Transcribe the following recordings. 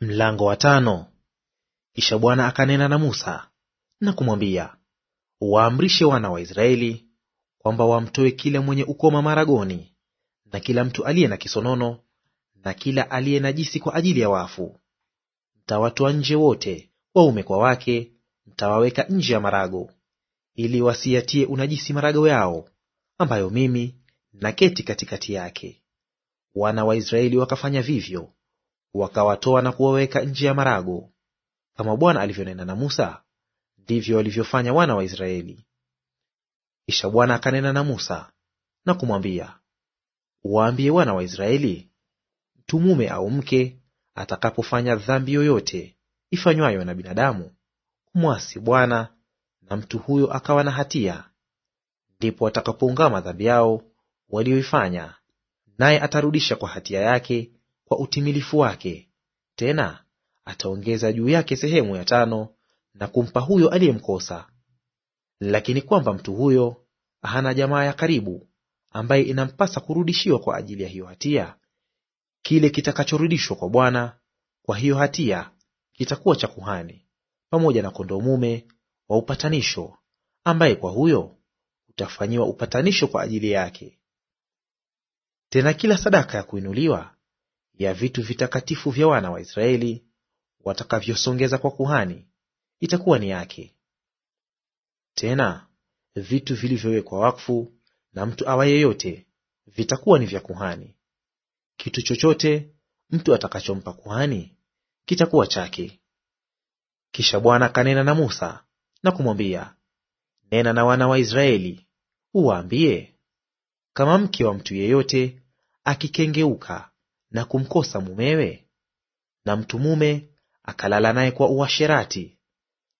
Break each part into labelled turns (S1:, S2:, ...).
S1: Mlango wa tano. Kisha Bwana akanena na Musa na kumwambia, waamrishe wana wa Israeli kwamba wamtoe kila mwenye ukoma maragoni na kila mtu aliye na kisonono na kila aliye najisi kwa ajili ya wafu. Mtawatoa nje wote, waume kwa wake, mtawaweka nje ya marago, ili wasiyatie unajisi marago yao, ambayo mimi naketi katikati yake. Wana wa Israeli wakafanya vivyo wakawatoa na kuwaweka nje ya marago. Kama Bwana alivyonena na Musa, ndivyo walivyofanya wana wa Israeli. Kisha Bwana akanena na Musa na kumwambia, waambie wana wa Israeli, mtu mume au mke atakapofanya dhambi yoyote ifanywayo na binadamu kumwasi Bwana, na mtu huyo akawa na hatia, ndipo atakapoungama dhambi yao walioifanya, naye atarudisha kwa hatia yake kwa utimilifu wake; tena ataongeza juu yake sehemu ya tano na kumpa huyo aliyemkosa. Lakini kwamba mtu huyo hana jamaa ya karibu ambaye inampasa kurudishiwa kwa ajili ya hiyo hatia, kile kitakachorudishwa kwa Bwana kwa hiyo hatia kitakuwa cha kuhani, pamoja na kondoo mume wa upatanisho, ambaye kwa huyo utafanyiwa upatanisho kwa ajili yake. Tena kila sadaka ya kuinuliwa ya vitu vitakatifu vya wana wa Israeli watakavyosongeza kwa kuhani itakuwa ni yake. Tena vitu vilivyowekwa wakfu na mtu awa yeyote vitakuwa ni vya kuhani. Kitu chochote mtu atakachompa kuhani kitakuwa chake. Kisha Bwana kanena na Musa na kumwambia, nena na wana wa Israeli uwaambie, kama mke wa mtu yeyote akikengeuka na kumkosa mumewe, na mtu mume akalala naye kwa uasherati,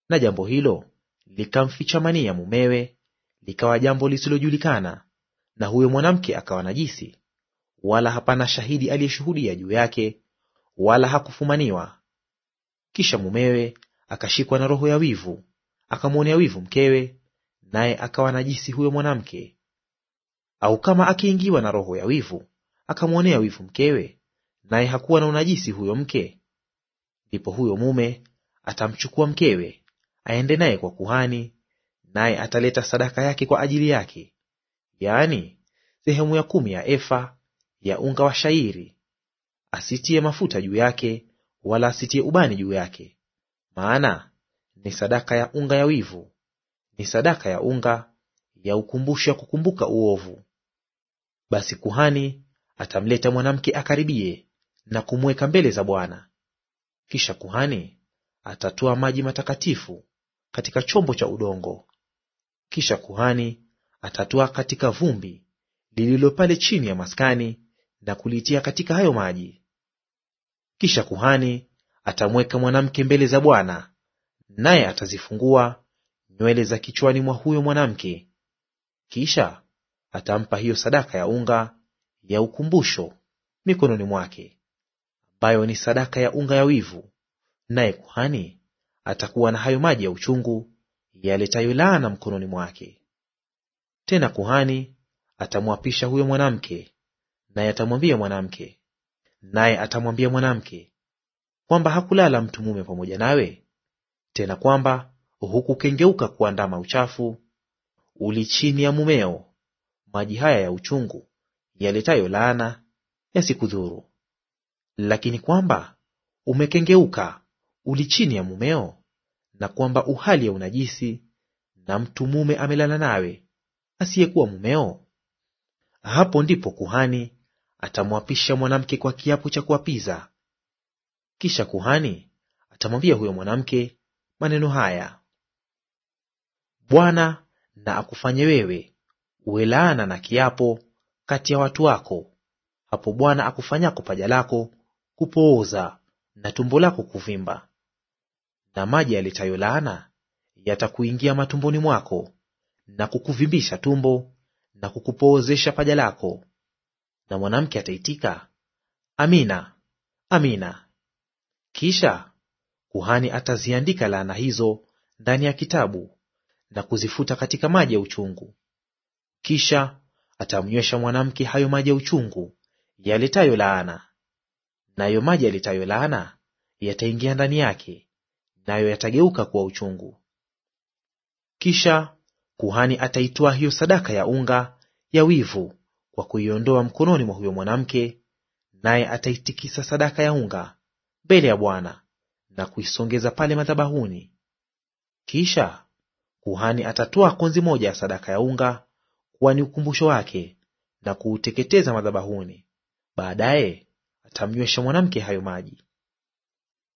S1: na jambo hilo likamfichamania mumewe, likawa jambo lisilojulikana, na huyo mwanamke akawa najisi, wala hapana shahidi aliyeshuhudia juu yake, wala hakufumaniwa. Kisha mumewe akashikwa na roho ya wivu, akamwonea wivu mkewe, naye akawa najisi huyo mwanamke. Au kama akiingiwa na roho ya wivu akamwonea wivu mkewe, naye hakuwa na unajisi huyo mke, ndipo huyo mume atamchukua mkewe aende naye kwa kuhani, naye ataleta sadaka yake kwa ajili yake, yaani sehemu ya kumi ya efa ya unga wa shairi. Asitie mafuta juu yake, wala asitie ubani juu yake, maana ni sadaka ya unga ya wivu, ni sadaka ya unga ya ukumbusho ya kukumbuka uovu. Basi kuhani atamleta mwanamke akaribie na kumweka mbele za Bwana. Kisha kuhani atatoa maji matakatifu katika chombo cha udongo. Kisha kuhani atatoa katika vumbi lililo pale chini ya maskani na kulitia katika hayo maji. Kisha kuhani atamweka mwanamke mbele za Bwana, naye atazifungua nywele za kichwani mwa huyo mwanamke. Kisha atampa hiyo sadaka ya unga ya ukumbusho mikononi mwake ambayo ni sadaka ya unga ya wivu, naye kuhani atakuwa na hayo maji ya uchungu yaletayo laana mkononi mwake. Tena kuhani atamwapisha huyo mwanamke, naye atamwambia mwanamke, naye atamwambia mwanamke kwamba hakulala mtu mume pamoja nawe, tena kwamba hukukengeuka kuandama uchafu uli chini ya mumeo. Maji haya ya uchungu yaletayo laana yasikudhuru. Lakini kwamba umekengeuka, uli chini ya mumeo, na kwamba uhali ya unajisi na mtu mume amelala nawe asiyekuwa mumeo, hapo ndipo kuhani atamwapisha mwanamke kwa kiapo cha kuapiza. Kisha kuhani atamwambia huyo mwanamke maneno haya: Bwana na akufanye wewe uwe laana na kiapo kati ya watu wako, hapo Bwana akufanyako paja lako kupooza na tumbo lako kuvimba. Na maji yaletayo laana yatakuingia matumboni mwako na kukuvimbisha tumbo na kukupoozesha paja lako. Na mwanamke ataitika amina, amina. Kisha kuhani ataziandika laana hizo ndani ya kitabu na kuzifuta katika maji ya uchungu. Kisha atamnywesha mwanamke hayo maji ya uchungu yaletayo laana nayo maji yalitayolana laana yataingia ndani yake, nayo yatageuka kuwa uchungu. Kisha kuhani ataitoa hiyo sadaka ya unga ya wivu kwa kuiondoa mkononi mwa huyo mwanamke, naye ataitikisa sadaka ya unga mbele ya Bwana na kuisongeza pale madhabahuni. Kisha kuhani atatoa konzi moja ya sadaka ya unga kuwa ni ukumbusho wake na kuuteketeza madhabahuni. Baadaye atamnywesha mwanamke hayo maji.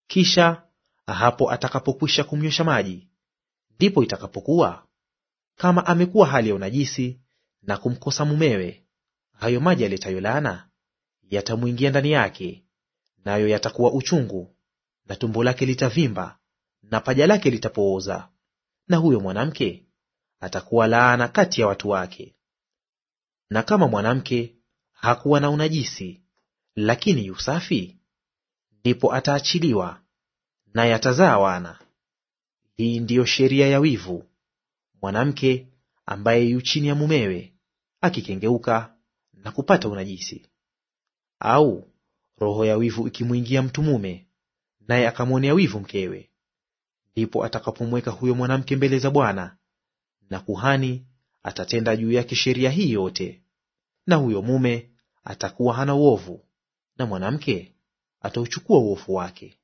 S1: Kisha hapo atakapokwisha kumnywesha maji, ndipo itakapokuwa kama amekuwa hali ya unajisi na kumkosa mumewe, hayo maji aletayo laana yatamwingia ndani yake, nayo yatakuwa uchungu, na tumbo lake litavimba, na paja lake litapooza, na huyo mwanamke atakuwa laana kati ya watu wake. Na kama mwanamke hakuwa na unajisi lakini yu safi, ndipo ataachiliwa, naye atazaa wana. Hii ndiyo sheria ya wivu. Mwanamke ambaye yu chini ya mumewe akikengeuka na kupata unajisi, au roho ya wivu ikimwingia mtu mume, naye akamwonea wivu mkewe, ndipo atakapomweka huyo mwanamke mbele za Bwana, na kuhani atatenda juu yake sheria hii yote, na huyo mume atakuwa hana uovu, na mwanamke atauchukua uofu wake.